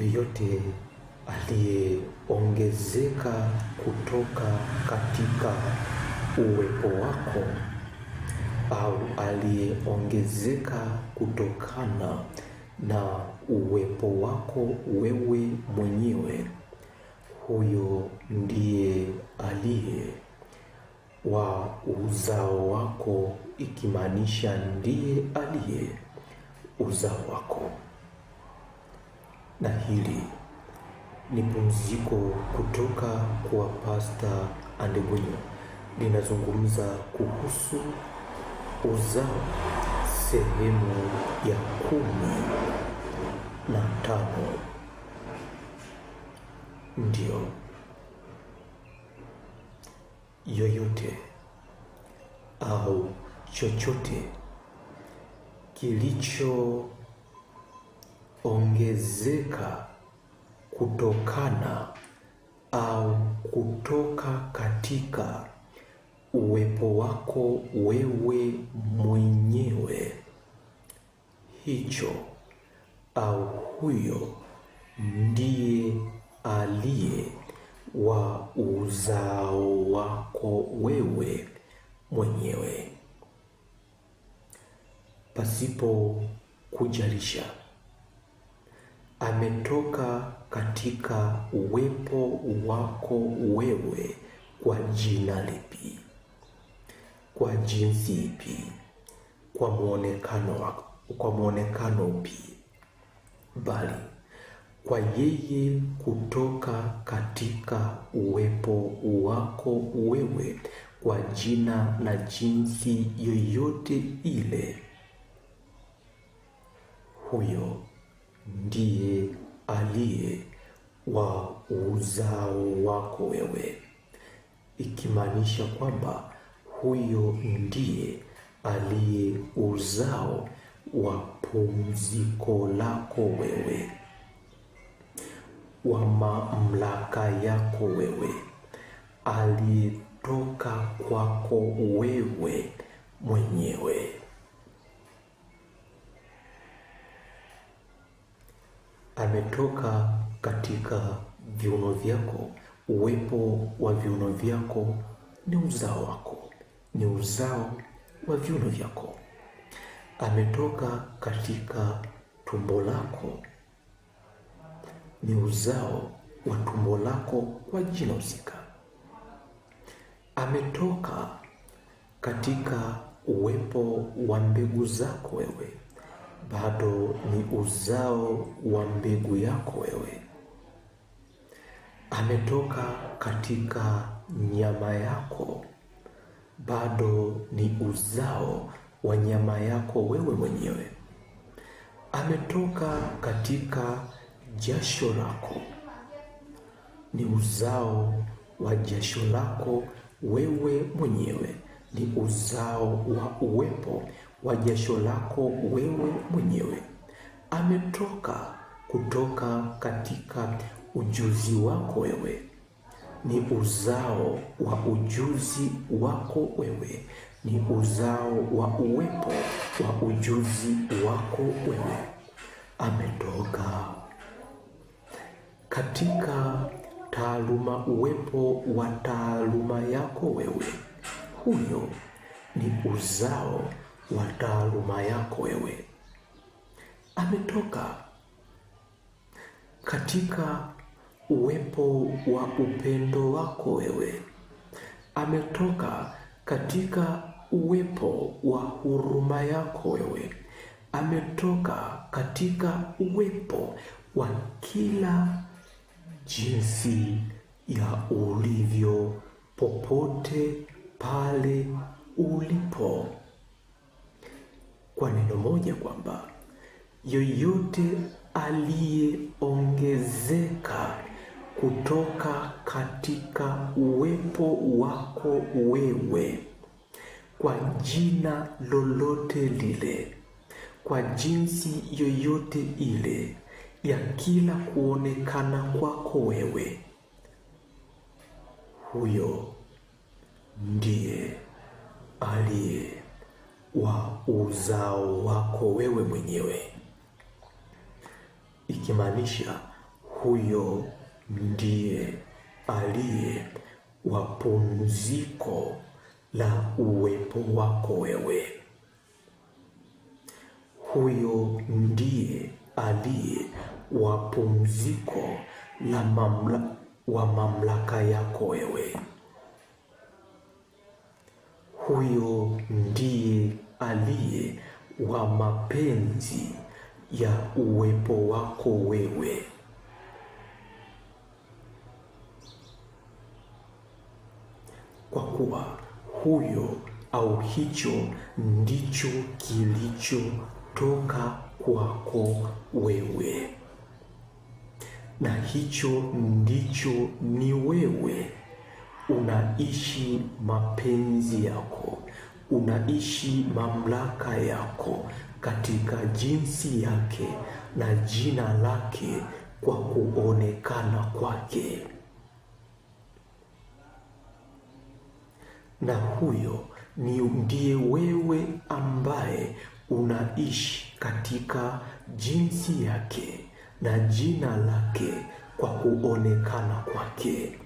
yoyote aliyeongezeka kutoka katika uwepo wako au aliyeongezeka kutokana na uwepo wako wewe mwenyewe, huyo ndiye aliye wa uzao wako, ikimaanisha ndiye aliye uzao wako na hili ni pumziko kutoka kwa Pasta Andegunyo, linazungumza kuhusu uzao, sehemu ya kumi na tano. ndio yoyote au chochote kilicho ongezeka kutokana au kutoka katika uwepo wako wewe mwenyewe. Hicho au huyo ndiye aliye wa uzao wako wewe mwenyewe pasipo kujarisha ametoka katika uwepo wako wewe kwa jina lipi? Kwa jinsi ipi? Kwa muonekano, kwa muonekano upi? Bali kwa yeye kutoka katika uwepo wako wewe kwa jina na jinsi yoyote ile, huyo ndiye aliye wa uzao wako wewe, ikimaanisha kwamba huyo ndiye aliye uzao wa pumziko lako wewe, wa mamlaka yako wewe, aliyetoka kwako wewe mwenyewe. ametoka katika viuno vyako. Uwepo wa viuno vyako ni uzao wako, ni uzao wa viuno vyako. Ametoka katika tumbo lako, ni uzao wa tumbo lako kwa jina husika. Ametoka katika uwepo wa mbegu zako wewe bado ni uzao wa mbegu yako wewe. Ametoka katika nyama yako, bado ni uzao wa nyama yako wewe mwenyewe. Ametoka katika jasho lako, ni uzao wa jasho lako wewe mwenyewe, ni uzao wa uwepo wa jasho lako wewe mwenyewe. Ametoka kutoka katika ujuzi wako wewe, ni uzao wa ujuzi wako wewe, ni uzao wa uwepo wa ujuzi wako wewe. Ametoka katika taaluma, uwepo wa taaluma yako wewe, huyo ni uzao wa taaluma yako wewe. Ametoka katika uwepo wa upendo wako wewe. Ametoka katika uwepo wa huruma yako wewe. Ametoka katika uwepo wa kila jinsi ya ulivyo popote pale ulipo kwa neno moja kwamba yoyote aliyeongezeka kutoka katika uwepo wako wewe kwa jina lolote lile, kwa jinsi yoyote ile ya kila kuonekana kwako wewe, huyo ndiye aliye wa uzao wako wewe mwenyewe, ikimaanisha huyo ndiye aliye wa pumziko la uwepo wako wewe, huyo ndiye aliye wa pumziko la mamla, wa mamlaka yako wewe, huyo ndiye aliye wa mapenzi ya uwepo wako wewe. Kwa kuwa huyo au hicho ndicho kilichotoka kwako wewe, na hicho ndicho ni wewe, unaishi mapenzi yako unaishi mamlaka yako katika jinsi yake na jina lake kwa kuonekana kwake. Na huyo ni ndiye wewe ambaye unaishi katika jinsi yake na jina lake kwa kuonekana kwake.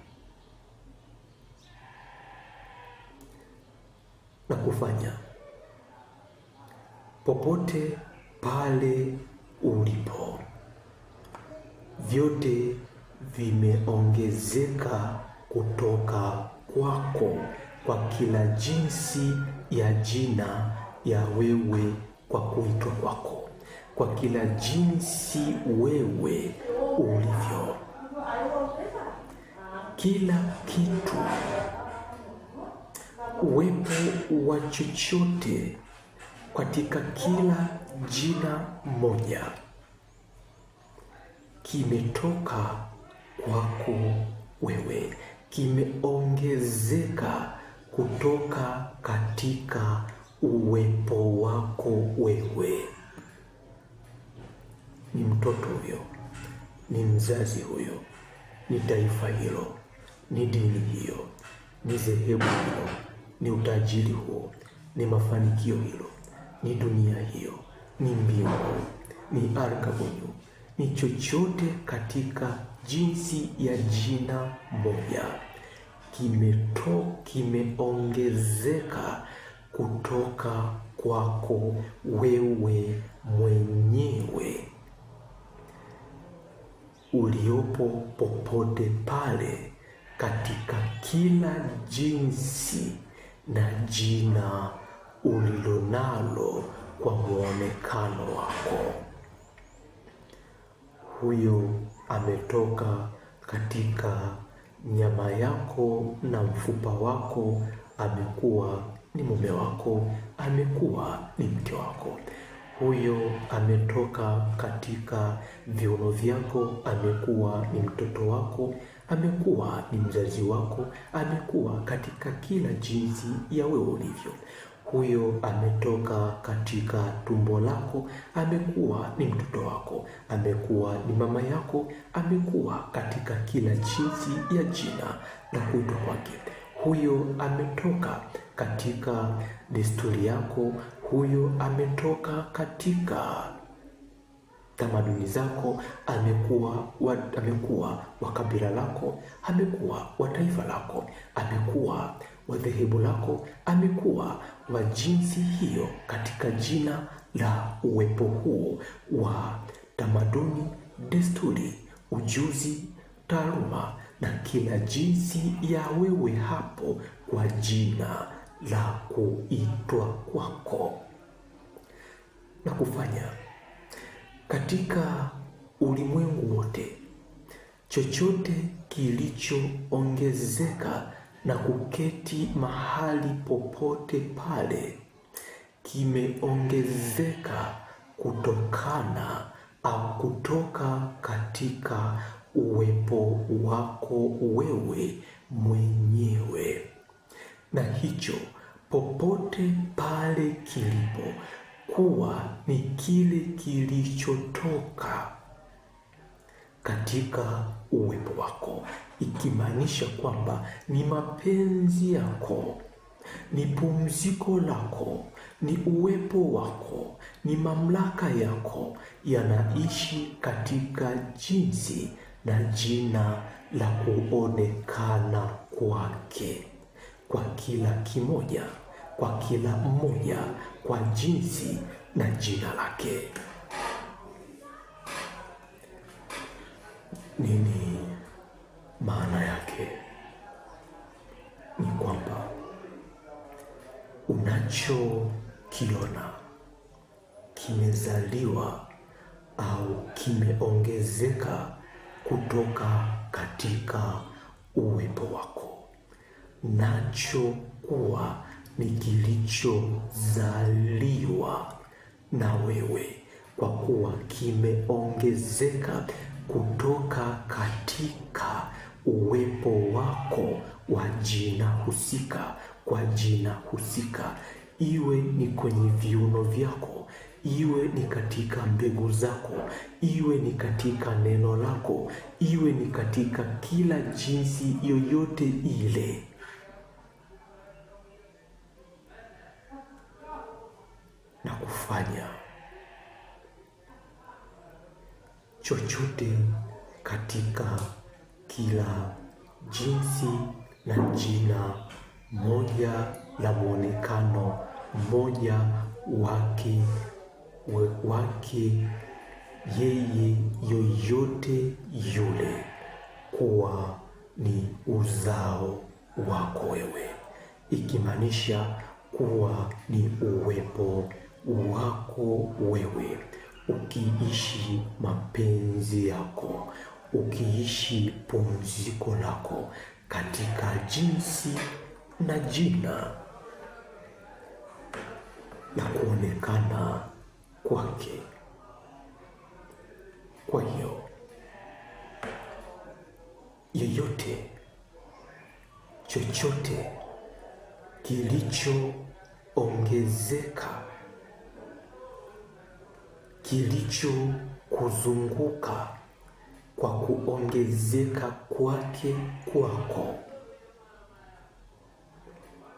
na kufanya popote pale ulipo, vyote vimeongezeka kutoka kwako kwa kila jinsi ya jina ya wewe kwa kuitwa kwako, kwa kila jinsi wewe ulivyo, kila kitu uwepo wa chochote katika kila jina moja kimetoka kwako wewe, kimeongezeka kutoka katika uwepo wako wewe. Ni mtoto huyo, ni mzazi huyo, ni taifa hilo, ni dini hiyo, ni dhehebu hilo ni utajiri huo, ni mafanikio hilo, ni dunia hiyo, ni mbingu, ni arkabunyu, ni chochote katika jinsi ya jina moja kimeto kimeongezeka kutoka kwako wewe mwenyewe uliopo popote pale katika kila jinsi na jina ulilonalo kwa muonekano wako. Huyu ametoka katika nyama yako na mfupa wako, amekuwa ni mume wako, amekuwa ni mke wako huyo ametoka katika viuno vyako, amekuwa ni mtoto wako, amekuwa ni mzazi wako, amekuwa katika kila jinsi ya wewe ulivyo. Huyo ametoka katika tumbo lako, amekuwa ni mtoto wako, amekuwa ni mama yako, amekuwa katika kila jinsi ya jina na kuitwa kwake. Huyo ametoka katika desturi yako huyo ametoka katika tamaduni zako, amekuwa wa, amekuwa wa kabila lako, amekuwa wa taifa lako, amekuwa wa dhehebu lako, amekuwa wa jinsi hiyo, katika jina la uwepo huo wa tamaduni, desturi, ujuzi, taaluma na kila jinsi ya wewe hapo kwa jina la kuitwa kwako na kufanya katika ulimwengu wote chochote kilichoongezeka na kuketi mahali popote pale kimeongezeka kutokana au kutoka katika uwepo wako wewe mwenyewe, na hicho popote pale kilipo kuwa ni kile kilichotoka katika uwepo wako, ikimaanisha kwamba ni mapenzi yako, ni pumziko lako, ni uwepo wako, ni mamlaka yako, yanaishi katika jinsi na jina la kuonekana kwake kwa kila kimoja, kwa kila mmoja, kwa jinsi na jina lake. Nini maana yake? Ni kwamba unachokiona kimezaliwa au kimeongezeka kutoka katika uwepo wako nachokuwa ni kilichozaliwa na wewe, kwa kuwa kimeongezeka kutoka katika uwepo wako wa jina husika kwa jina husika, iwe ni kwenye viuno vyako, iwe ni katika mbegu zako, iwe ni katika neno lako, iwe ni katika kila jinsi yoyote ile kufanya chochote katika kila jinsi na jina moja la mwonekano mmoja wake wake yeye yoyote yule, kuwa ni uzao wako wewe, ikimaanisha kuwa ni uwepo wako wewe, ukiishi mapenzi yako, ukiishi pumziko lako katika jinsi na jina na kuonekana kwake. Kwa hiyo yeyote, chochote kilichoongezeka kilichokuzunguka kwa kuongezeka kwake kwako,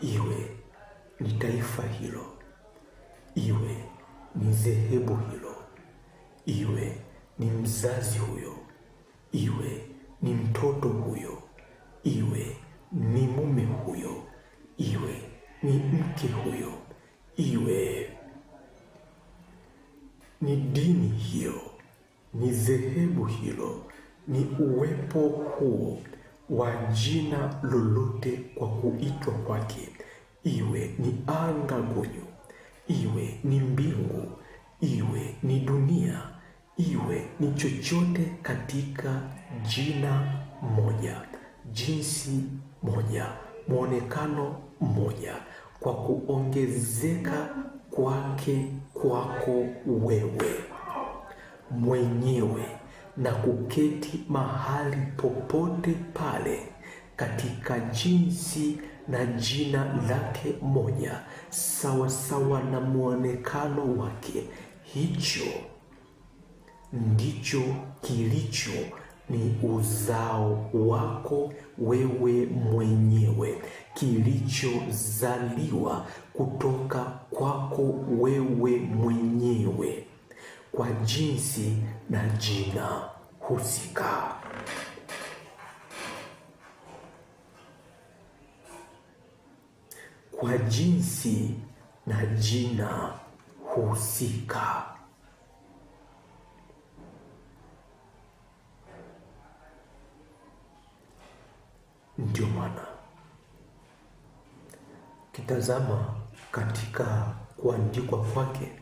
iwe ni taifa hilo, iwe ni dhehebu hilo, iwe ni mzazi huyo, iwe ni mtoto huyo, iwe ni mume huyo, iwe ni mke huyo, iwe ni dini hiyo, ni dhehebu hilo, ni uwepo huo wa jina lolote kwa kuitwa kwake, iwe ni anga gonyo, iwe ni mbingu, iwe ni dunia, iwe ni chochote katika jina moja, jinsi moja, mwonekano mmoja, kwa kuongezeka kwake kwako wewe mwenyewe na kuketi mahali popote pale katika jinsi na jina lake moja sawasawa na mwonekano wake. Hicho ndicho kilicho ni uzao wako wewe mwenyewe kilichozaliwa kutoka kwako wewe mwenyewe kwa jinsi na jina husika. Kwa jinsi na jina husika. Ndio maana kitazama katika kuandikwa kwake,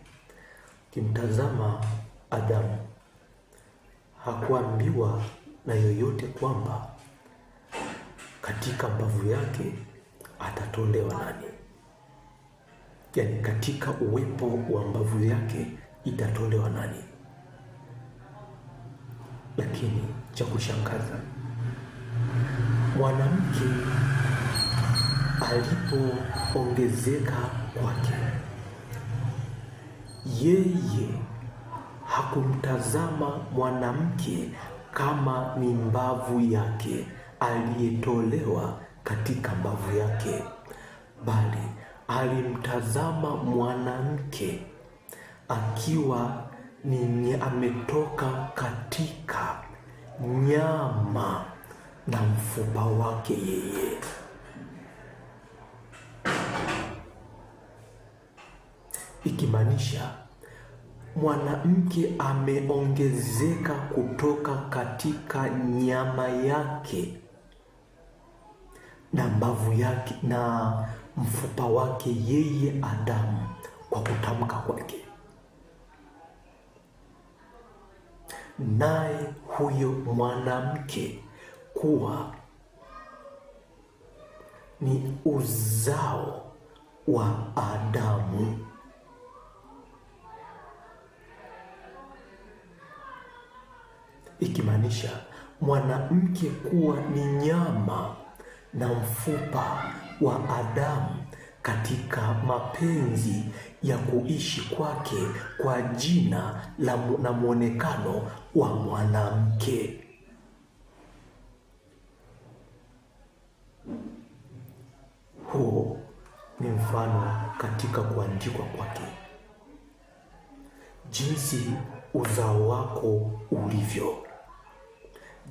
kimtazama Adamu hakuambiwa na yoyote kwamba katika mbavu yake atatolewa nani, yaani katika uwepo wa mbavu yake itatolewa nani. Lakini cha kushangaza, mwanamke alipoongezeka kwake. Yeye hakumtazama mwanamke kama ni mbavu yake aliyetolewa katika mbavu yake, bali alimtazama mwanamke akiwa ni ametoka katika nyama na mfupa wake yeye. ikimaanisha mwanamke ameongezeka kutoka katika nyama yake na mbavu yake na mfupa wake yeye Adamu kwa kutamka kwake, naye huyo mwanamke kuwa ni uzao wa Adamu. ikimaanisha mwanamke kuwa ni nyama na mfupa wa Adamu katika mapenzi ya kuishi kwake kwa jina la na mwonekano wa mwanamke. Huo ni mfano katika kuandikwa kwake, jinsi uzao wako ulivyo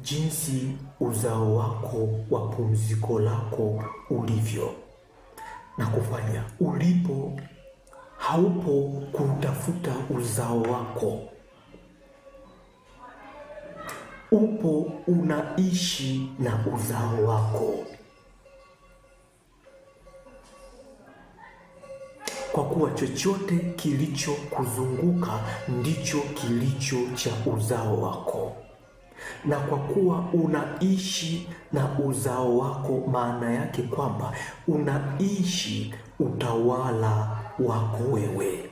jinsi uzao wako wa pumziko lako ulivyo, na kufanya ulipo haupo kutafuta uzao wako, upo unaishi na uzao wako. Kwa kuwa chochote kilichokuzunguka ndicho kilicho cha uzao wako na kwa kuwa unaishi na uzao wako, maana yake kwamba unaishi utawala wako wewe,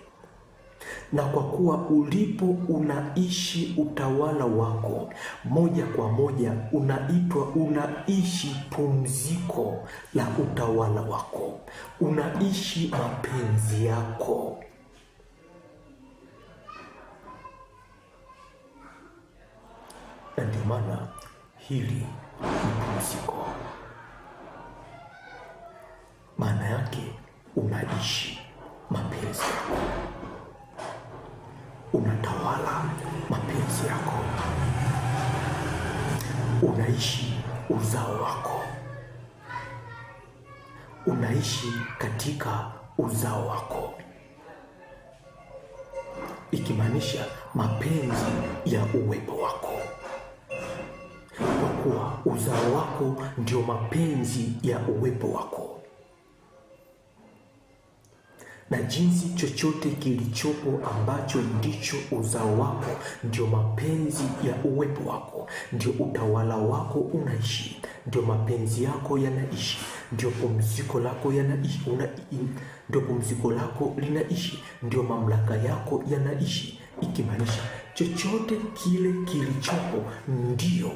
na kwa kuwa ulipo unaishi utawala wako, moja kwa moja unaitwa unaishi pumziko la utawala wako, unaishi mapenzi yako na ndio maana hili ni mapumziko maana yake unaishi mapenzi yako, unatawala mapenzi yako, unaishi uzao wako, unaishi katika uzao wako, ikimaanisha mapenzi ya uwepo wako uzao wako ndio mapenzi ya uwepo wako, na jinsi chochote kilichopo ambacho ndicho uzao wako ndio mapenzi ya uwepo wako, ndio utawala wako unaishi, ndio mapenzi yako yanaishi, ndio pumziko lako yanaishi, ndio pumziko lako linaishi, ndio mamlaka yako yanaishi, ikimaanisha chochote kile kilichopo ndio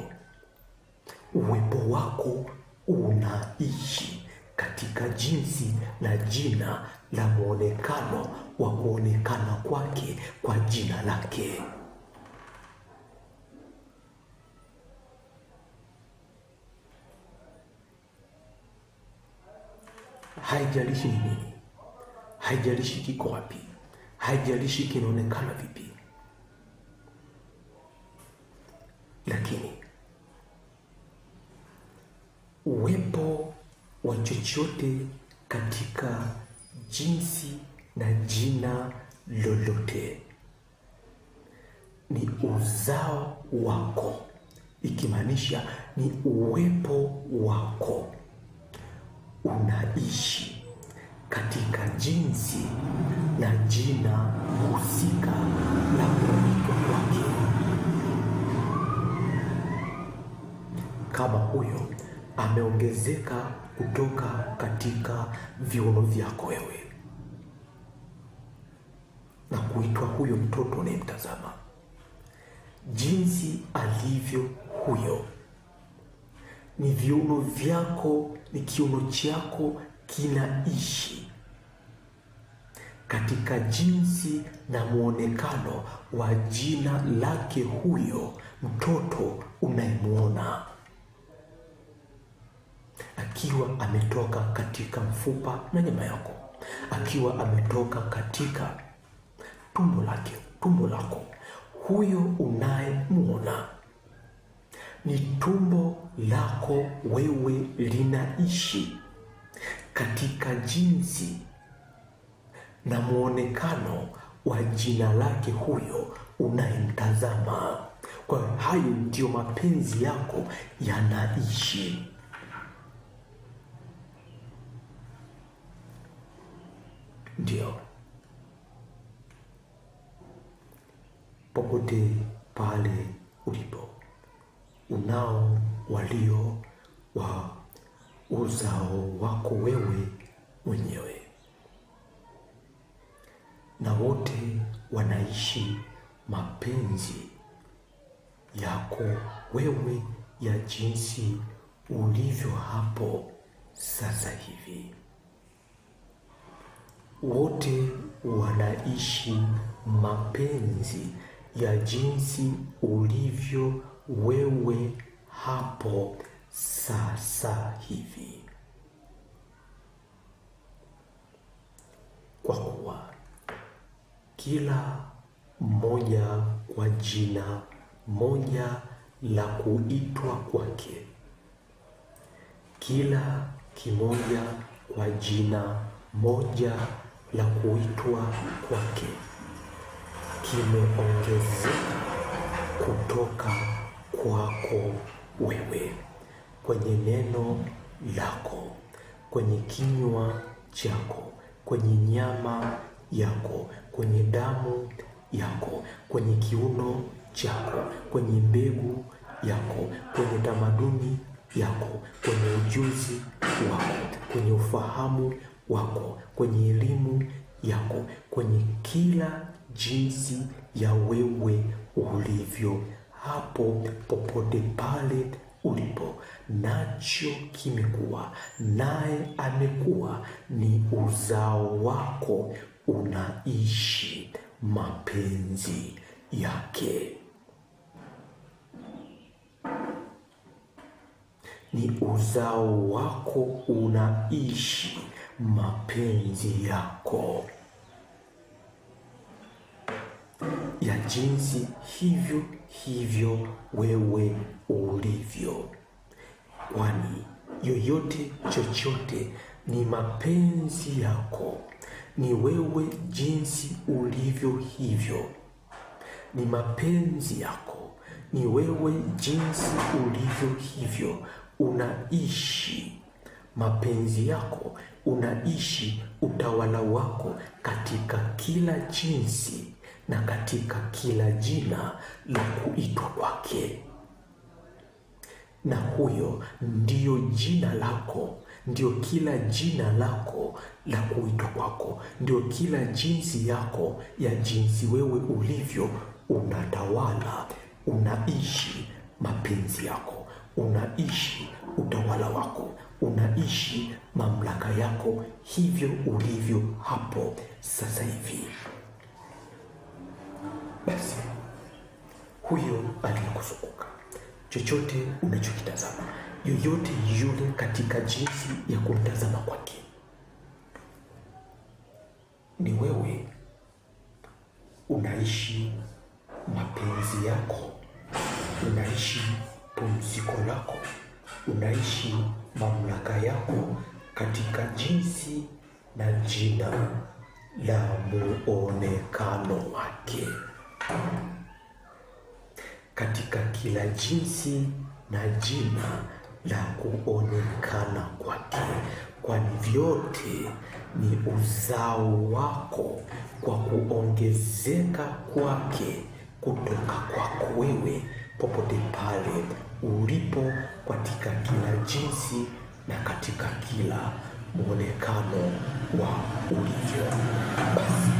Uwepo wako unaishi katika jinsi na jina la mwonekano wa kuonekana kwake kwa jina lake. Haijalishi ni nini, haijalishi kiko wapi, haijalishi kinaonekana vipi, lakini uwepo wa chochote katika jinsi na jina lolote ni uzao wako, ikimaanisha ni uwepo wako, unaishi katika jinsi na jina husika la kuitwa kwake, kama huyo ameongezeka kutoka katika viuno vyako wewe, na kuitwa huyo mtoto unayemtazama jinsi alivyo huyo ni viuno vyako, ni kiuno chako kinaishi katika jinsi na mwonekano wa jina lake huyo mtoto unayemwona akiwa ametoka katika mfupa na nyama yako, akiwa ametoka katika tumbo lake, tumbo lako, huyo unayemwona ni tumbo lako wewe, linaishi katika jinsi na mwonekano wa jina lake huyo unayemtazama. Kwa hayo ndiyo mapenzi yako yanaishi. Ndio, popote pale ulipo unao walio wa uzao wako wewe mwenyewe, na wote wanaishi mapenzi yako wewe ya jinsi ulivyo hapo sasa hivi wote wanaishi mapenzi ya jinsi ulivyo wewe hapo sasa hivi, kwa kuwa kila mmoja kwa jina moja la kuitwa kwake, kila kimoja kwa jina moja la kuitwa kwake kimeongezeka kutoka kwako wewe, kwenye neno lako, kwenye kinywa chako, kwenye nyama yako, kwenye damu yako, kwenye kiuno chako, kwenye mbegu yako, kwenye tamaduni yako, kwenye ujuzi wako, kwenye ufahamu wako, kwenye elimu yako, kwenye kila jinsi ya wewe ulivyo, hapo popote pale ulipo, nacho kimekuwa, naye amekuwa, ni uzao wako, unaishi mapenzi yake. Ni uzao wako unaishi mapenzi yako ya jinsi hivyo hivyo wewe ulivyo, kwani yoyote chochote ni mapenzi yako, ni wewe jinsi ulivyo hivyo, ni mapenzi yako, ni wewe jinsi ulivyo hivyo unaishi mapenzi yako, unaishi utawala wako katika kila jinsi na katika kila jina la kuitwa kwake, na huyo ndiyo jina lako ndio kila jina lako la kuitwa kwako, ndio kila jinsi yako ya jinsi wewe ulivyo, unatawala, unaishi mapenzi yako, unaishi utawala wako unaishi mamlaka yako hivyo ulivyo hapo sasa hivi. Basi huyo aliyekuzunguka, chochote unachokitazama, yoyote yule, katika jinsi ya kumtazama kwake, ni wewe unaishi mapenzi yako, unaishi pumziko lako, unaishi mamlaka yako katika jinsi na jina la muonekano wake, katika kila jinsi na jina la kuonekana kwake, kwani vyote ni uzao wako kwa kuongezeka kwake kutoka kwako wewe popote pale ulipo katika kila jinsi na katika kila mwonekano wa ulivyo. Basi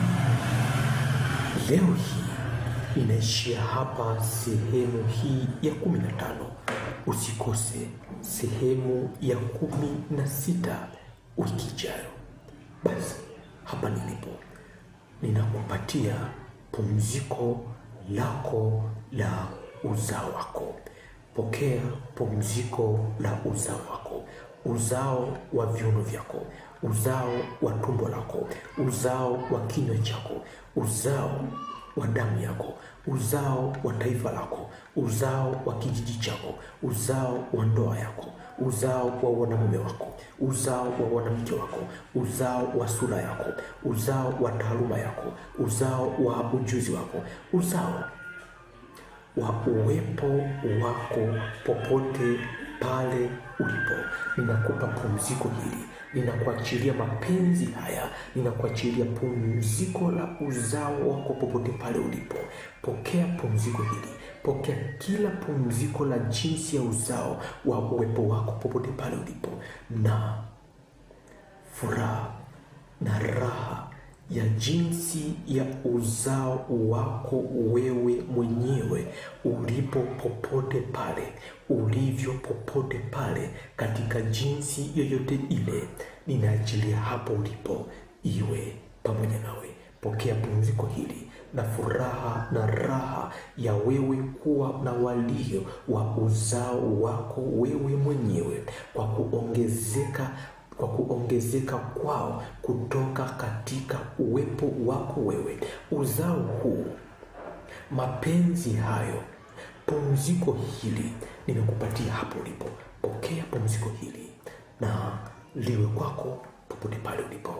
leo hii inaishia hapa sehemu hii ya kumi na tano. Usikose sehemu ya kumi na sita wiki ijayo. Basi hapa nilipo ninakupatia pumziko lako la uzao wako. Pokea pumziko la uzao wako, uzao wa viuno vyako, uzao wa tumbo lako, uzao wa kinywa chako, uzao wa damu yako, uzao wa taifa lako, uzao wa kijiji chako, uzao wa ndoa yako, uzao wa wanamume wako, uzao wa wanamke wako, uzao wa sura yako, uzao wa taaluma yako, uzao wa ujuzi wako, uzao wa uwepo wako popote pale ulipo. Ninakupa pumziko hili, ninakuachilia mapenzi haya, ninakuachilia pumziko la uzao wako popote pale ulipo. Pokea pumziko hili, pokea kila pumziko la jinsi ya uzao wa uwepo wako popote pale ulipo, na furaha na raha ya jinsi ya uzao wako wewe mwenyewe ulipo popote pale, ulivyo popote pale, katika jinsi yoyote ile, ninaachilia hapo ulipo iwe pamoja nawe. Pokea pumziko hili na furaha na raha ya wewe kuwa na walio wa uzao wako wewe mwenyewe kwa kuongezeka kwa kuongezeka kwao kutoka katika uwepo wako wewe. Uzao huu, mapenzi hayo, pumziko hili nimekupatia hapo ulipo. Pokea pumziko hili na liwe kwako popote pale ulipo.